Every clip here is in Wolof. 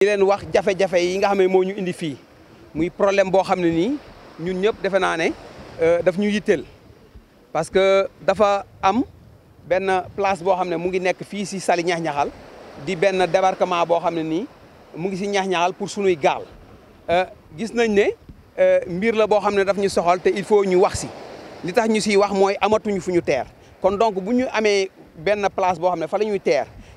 di len wax jafé jafé yi nga xamé mo ñu indi fi muy problème bo xamné ni ñun ñëpp defe naa euh daf ñu yittel parce que dafa am ben place bo xamné mu ngi nekk fi ci sali Ñax-Ñaxal di ben débarquement bo xamné ni mu ngi ci Ñax-Ñaxal pour gal euh gis nañ euh mbir la bo xamné daf ñu soxal té il faut ñu wax si li tax ñu ci wax moy amatuñu fuñu terre kon donc bu ñu amee place bo xamné fa lañuy terre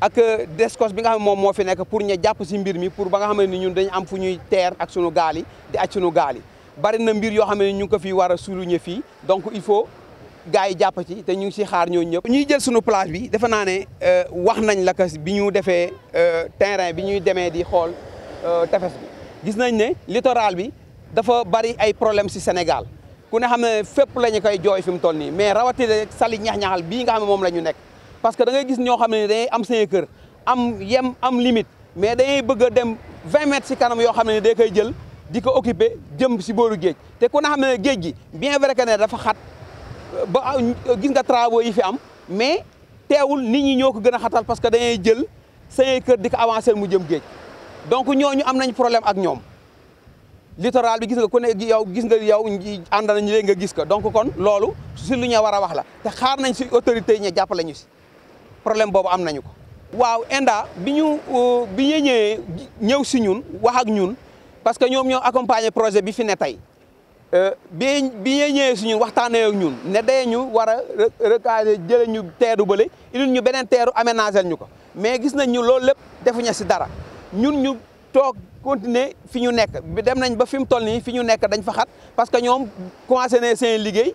ak euh, descos bi nga xam moom moo fi nekk pour ñu jàpp si mbir mi pour ba nga xam ne ñun dañ am fu ñuy teer ak sunu gaal yi di aj sunu gaal yi bari na mbir yoo xam ne ñu ngi ko fi war a souligner fii donc il faut gars yi jàpp ci te ñu ngi si xaar ñooñu ñëpp. ñuy jël sunu plage bi defe naa ne euh, wax nañ la si bi ñu defee euh, terrain bi ñuy demee di xool tefes bi gis nañ ne littoral bi dafa bari ay problème si Sénégal ku ne xam ne fépp la ñu koy jooy fi mu toll nii mais rawatina sali ñax-ñaxal bii xam ne moom la ñu nekk. parce que dangay gis ñoo xam ne dañuy am seen kër am yem am limite mais dañuy bëgg a dem 20 mètres si kanam yoo xam ne day koy jël di ko occuper jëm si booru géej te ku na xam géej gi bien vrai que ne dafa xat ba gis nga travaux yi fi am mais teewul nit ñi ñoo ko gën a xatal parce que dañuy jël seen kër di ko avancer mu jëm géej donc ñooñu am nañ problème ak ñoom littoral bi gis nga ku ne yow gis nga yow ànd nañ léegi nga gis ko donc kon loolu si lu ñu war a wax la te xaar nañ si autorité yi ñu jàppale ñu si. problème boobu am nañu ko. waaw ENDA bi ñu euh, bi ñu ñëwee ñëw si ñun wax ak ñun parce que ñoom ñoo accompagner projet bi fi ne tey euh, bi bi ñuy ñëwee si ñun waxtaanee ak ñun ne dee ñu war a recaser jële ñu teeru bële indil ñu beneen teeru aménagé ñu ko mais gis nañ ñu loolu lépp defuñu si dara ñun ñu toog continuer fi ñu nekk dem nañ ba fi mu toll nii fi ñu nekk dañ fa parce que ñoom commencé ne seen liggéey.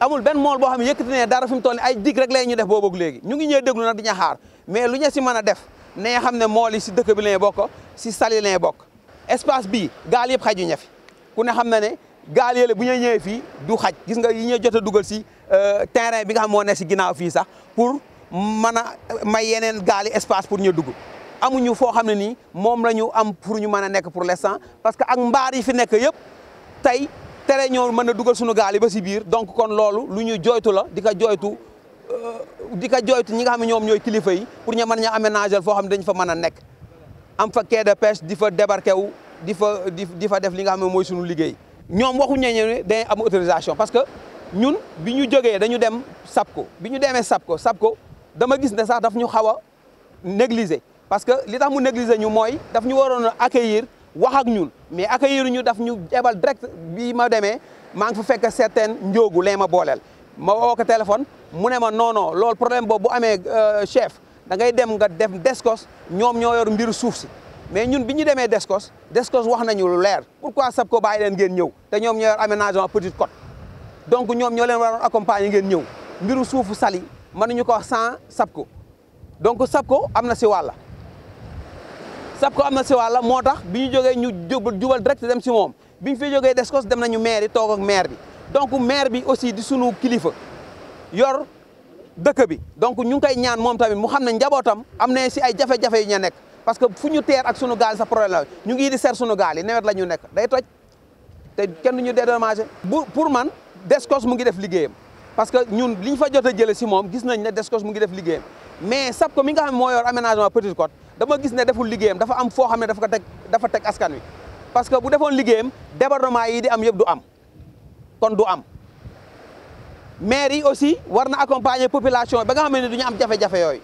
amul benn mool boo xam ne yëkkati ne dara fi mu toll ay dig rek lay ñu def boobu léegi ñu ngi ñëw déglu na diña xaar mais lu ñu si mën a def nañ xam ne mool yi si dëkk bi lañ bokk si sali bokk espace bi gaal yëpp xaju ña fi ku ne xam na ne gaal yële bu ñu ñëwee fii du xaj gis nga yi ñuy jot a dugal si euh, terrain bi nga xam moo ne si ginnaaw fii sax pour mën a may yeneen gaal yi espace pour ñu dugg amuñu foo xam ne nii moom la ñu am pour ñu mën a nekk pour l'instant parce que ak mbaar yi fi nekk yëpp tey tere ñoo mën a dugal suñu gaal ba si biir donc kon loolu lu ñu jooytu la di ko jooytu euh, di ka jooytu ñi nga xam ne ñoom ñooy kilifa yi pour ñu mën ña aménager foo xam ne dañ fa mën a nekk am fa quai de di fa débarqué wu di fa di fa def li nga xam mooy sunu liggéey ñoom waxuñu ne dañ am autorisation parce que ñun bi ñu jogee dañu dem sab ko bi ñu demee sab ko SAPCO ko dama gis ne sax daf ñu xaw a négliger parce que li tax mu négliger ñu mooy daf ñu waroon a accueillir wax ak ñun mais accueillir ñu daf ñu ebal direct bii ma demee maa ngi fu fekk certaine njóogu lee ma booleel ma woo ko téléphone mu ne ma non lool problème boobu bu amee euh, chef da dem nga def descos ñoom ñoo yor mbiru suuf si mais ñun bi ñu demee descos descos wax nañu lu leer pourquoi sab ko bàyyi leen ngeen ñëw te ñoom ñoo yor aménagement donc ñoom ñoo leen waroon accompagner ngeen ñëw mbiru suufu Saly mënuñu ko wax sans sab ko donc sab ko am na si wàlla SAPCO am na si wàlla moo tax bi ñu jógee direct dem ci mom biñu fi jógee Descos dem nañu maire yi ak maire bi donc maire bi aussi di sunu kilifa yor dëkk bi donc ñu ngi koy ñaan mom tamit mu xam ne njabootam am na ay jafé jafé ñu nek parce que fuñu ñu ak sunu gal sa problème la ñu ngi di ser sunu gal yi newet lañu nek day toj té kenn ñu dédommagé bu pour man Descos mu ngi def liggéeyam parce que ñun liñ fa jotta a ci mom gis nañ ne Descos mu ngi def liggéeyam mais SAPCO mi nga xam mo yor aménagement Petite Côte dama gis ne deful liggéeyam dafa am foo xam ne dafa ko teg dafa teg askan wi parce que bu defoon liggéeyam débordement yi di am yëpp du am kon du am maire yi aussi war na accompagner population ba nga xam ne du ñu am jafe-jafe yooyu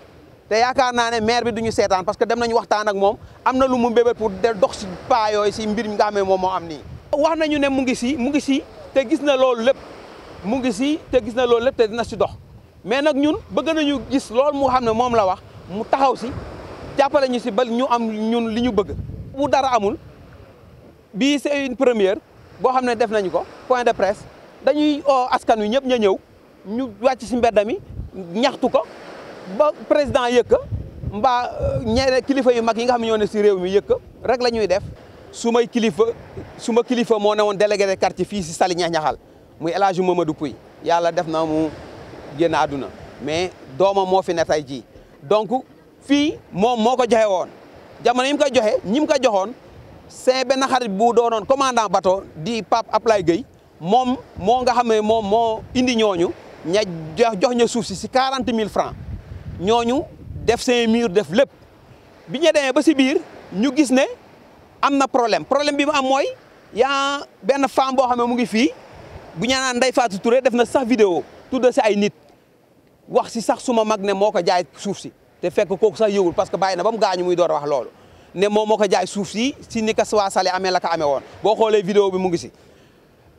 te yaakaar naa ne mair bi du ñu seetaan parce que dem nañu waxtaan ak moom am na lu mu mbébét pour dox si pas yooyu si mbir mi nga xam ne moom moo am nii. wax nañu ne mu ngi si mu ngi si te gis na loolu lépp mu ngi si te gis na loolu lépp te dina si dox mais nag ñun bëgg nañu gis loolu mu xam ne moom la wax mu taxaw si. jàppale ñu si ba ñu am ñun li ñu bëgg bu dara amul bii c'est une première boo xam ne def nañ ko point de presse dañuy oo askan wi ñëpp ña ñëw ñu wàcc si mbedd mi ñaxtu ko ba président yëkk mbaa euh, ñeneen kilifa yu mag yi nga xam ne ñoo ne si réew mi yëkk rek la ñuy def su kilifa su kilifa moo ne woon délégué de quartier fii si Saly Ñaxal muy El Hadj Mamadou Pouy yàlla def na mu génn àdduna mais doomam moo fi ne tey jii Fi mom moko joxe won jamono yim ko joxe ñim ko joxon c'est ben xarit bu doonoon commandant bato di Pape Ablaye Gueye mom mo nga xamé mom mo indi ñooñu ña jox ña suuf si si francs ñooñu def seen mur def lepp bi ñu demee ba ci bir ñu gis ne amna problème problème bi mu am moy ya ben femme bo xamé mu ngi fi bu ñu nday Fatou Touré def na sax vidéo tudda ci ay nit wax ci sax suma mag ne jaay souf ci te fekk kooku sax yëgul parce que bàyyi na ba mu gaañu muy door wax loolu ne moom moo ko jaay suuf si si ni ka waa Sale amee la ko amee woon boo xoolee vidéo bi mu ngi si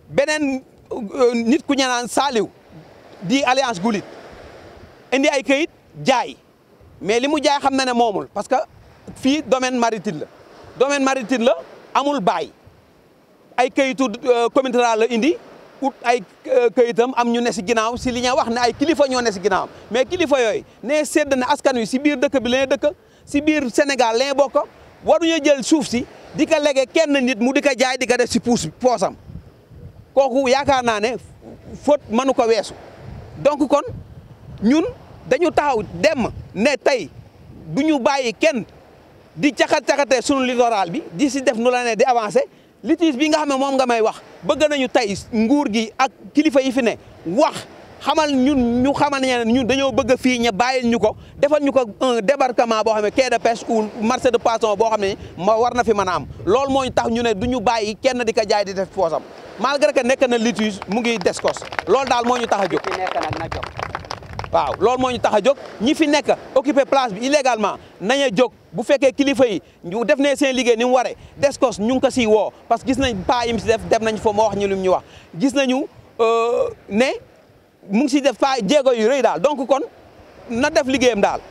beneen euh, nit ku ñanaan Saliou di alliance gulit indi ay kayit jaay mais li mu jaay xam na ne moomul parce que fii domaine maritime la domaine maritime la amul baay ay kayitu euh, communauté la indi ut ay euh, kayitam am ñu ne si ginnaaw si li ñuy wax ne ay kilifa ñoo ne si ginaaw mais kilifa yooyu ne sedd na askan wi si biir dëkk bi lañ dëkk si biir Sénégal lañ bokk waruñu jël suuf si di ko lege kenn nit mu di ko jaay di ko def si puus poosam kooku yaakaar naa ne faute mënu ko weesu donc kon ñun dañu taaw dem ne tey bu ñu bàyyi kenn di caxat caxatee sunu littoral bi di si def nu la ne di avancer. litige bi nga xam ne moom nga may wax bëgg nañu tey nguur gi ak kilifa yi fi ne wax xamal ñun ñu xamal ne ñun dañoo bëgg fii ñu bàyyil ñu ko defal ñu ko un débarquement boo xam ne quai de pêche ou marché de poisson boo xam ne ma war na fi mën a am loolu moo ñu tax ñu ne du ñu bàyyi kenn di ko jaay di def poosam malgré que nekk na litige mu ngi des kos loolu daal moo ñu tax a jóg. C'est ce qui fait tax place illégalement Nous jóg bu fekkee kilifa yi ñu def nous seen liggéey ni mu des descos parce que gis nañ pas yi mu nous def dem nañ wax ñu ñu wax gis nañu des euh, mu